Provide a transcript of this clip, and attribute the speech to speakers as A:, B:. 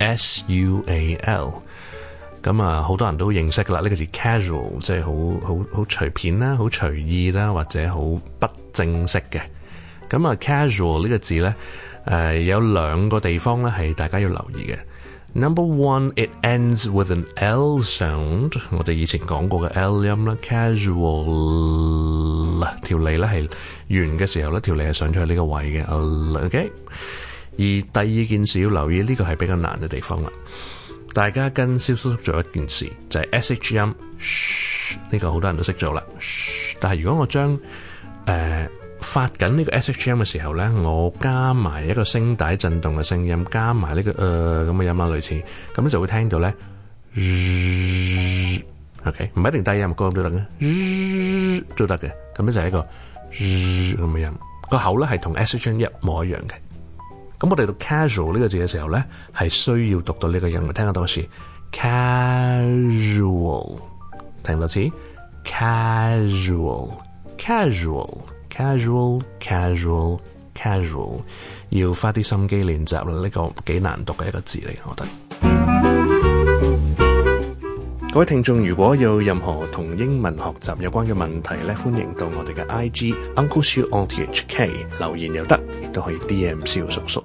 A: S U A L，咁啊，好多人都認識㗎喇。呢個字 casual，即係好好好隨便啦，好隨意啦，或者好不正式嘅。咁啊，casual 呢個字咧，誒有兩個地方咧係大家要留意嘅。Number one，it ends with an L sound。我哋以前講過嘅 L 音啦，casual 條脷咧係圓嘅時候咧，條脷係上咗去呢個位嘅。O K。而第二件事要留意，呢、這個係比較難嘅地方啦。大家跟蕭叔叔做一件事，就係 S H 音，呢個好多人都識做啦。但係如果我將誒、呃、發緊呢個 S H 音嘅時候咧，我加埋一個聲帶震動嘅聲音，加埋呢個誒咁嘅音啊類似咁你就會聽到咧。O K，唔一定低音高音都得嘅，都得嘅。咁咧就係一個咁嘅音，個口咧係同 S H 音一模一樣嘅。咁我哋讀 casual 呢個字嘅時候咧，係需要讀到呢個音聽得多時，casual，聽多次 casual，casual，casual，casual，casual，要花啲心機練習，呢個幾難讀嘅一個字嚟，我覺得。各位聽眾如果有任何同英文學習有關嘅問題咧，歡迎到我哋嘅 IG Uncle Siu on RTHK 留言又得。可以 DM 小叔叔。